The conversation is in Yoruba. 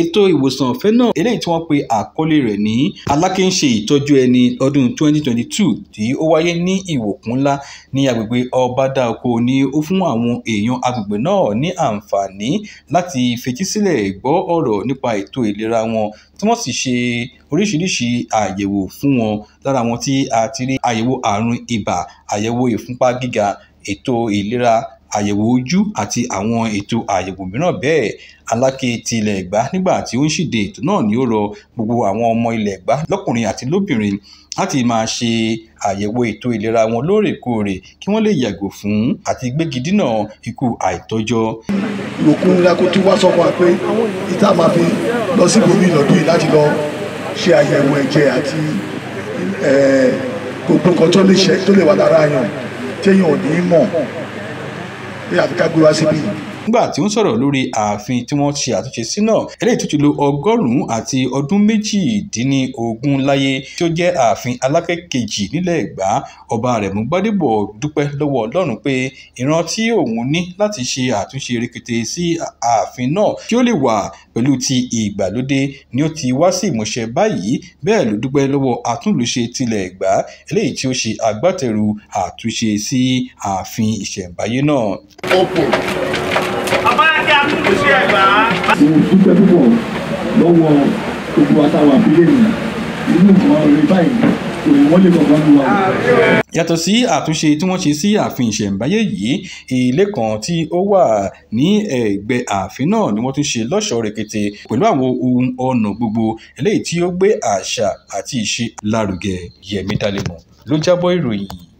ètò ìwòsàn ọ̀fẹ́ náà eléyìí tí wọ́n pe àkọlé rẹ̀ ní Aláké ń ìtọ́jú ẹni ọdún 2022 tí ó wáyé ní ìwòkun ńlá ní agbègbè ọbadáoko ni ó fún àwọn èèyàn agbègbè náà ní àǹfààní láti fetísílẹ̀ gbọ́ ọ̀rọ̀ nípa ètò ìlera wọn tí wọ́n sì ṣe oríṣiríṣi àyẹ̀wò fún wọn lára wọn tí a ti rí àyẹ̀wò àrùn ibà àyẹ̀wò ìfúnpá gíga ètò ìlera àyẹ̀wò ojú àti àwọn ètò àyẹ̀wò mìíràn bẹ́ẹ̀ Aláké ti ilẹ̀ Ẹ̀gbá nígbà tí ó ń ṣíde ètò náà ni ó rọ gbogbo àwọn ọmọ ilẹ̀ Ẹ̀gbá lọ́kùnrin àti lóbìnrin láti máa ṣe àyẹ̀wò ètò ìlera wọn lóòrèkóòrè kí wọ́n lè yàgò fún àti gbégidínà ikú àìtọ́jọ́. ìròkùn ńlá kò tí wá sọ fún wa pé ìta máa fi lọ sí gbòmí ìlọ́dún yìí láti lọ ṣe àyẹ̀wò ẹ̀jẹ̀ àti gbogbo nǹkan tó lè wà lára yàn téèyàn ò ní mọ̀ pé àfikà gbé wá síbí nígbà tí ó ń sọ̀rọ̀ lórí ààfin tí wọ́n ṣe àtúnṣe sí náà eléyìí tó ti lo ọgọ́rùn-ún àti ọdún méjìdínlógún láyé tí ó jẹ́ ààfin aláké nílẹ̀ Ẹ̀gbá ọba Arẹ̀mú Gbádébọ̀ dúpẹ́ lọ́wọ́ Ọlọ́run pé ìran tí òun ní láti ṣe àtúnṣe rekete sí ààfin náà kí ó lè wà pẹ̀lú ti ìgbàlódé ni ó ti wá sí ìmúṣẹ báyìí bẹ́ẹ̀ ló dúpẹ́ lọ́wọ́ atúnlùṣe tilẹ̀ Ẹ̀gbá eléyìí tí ó ṣe agbátẹrù àtúnṣe sí ààfin ìṣẹ̀ǹbáyé náà dúpẹ́ púpọ̀ lọ́wọ́ gbogbo àtàwọn àbílẹ̀ nìyẹn inú nǹkan rí báyìí yàtọ̀ sí àtúnṣe tí wọ́n ṣe sí ààfin ìṣẹ̀ǹbáyé yìí ilé kan tí ó wà ní ẹ̀gbẹ́ ààfin náà ni wọ́n tún ṣe lọ́ṣọ̀ọ́ rẹ̀kẹ̀tẹ̀ pẹ̀lú àwọn ohun ọ̀nà gbogbo eléyìí tí ó gbé àṣà àti ìṣe lárugẹ Yẹmí Dálẹ́mọ̀ ló jábọ̀ ìròyìn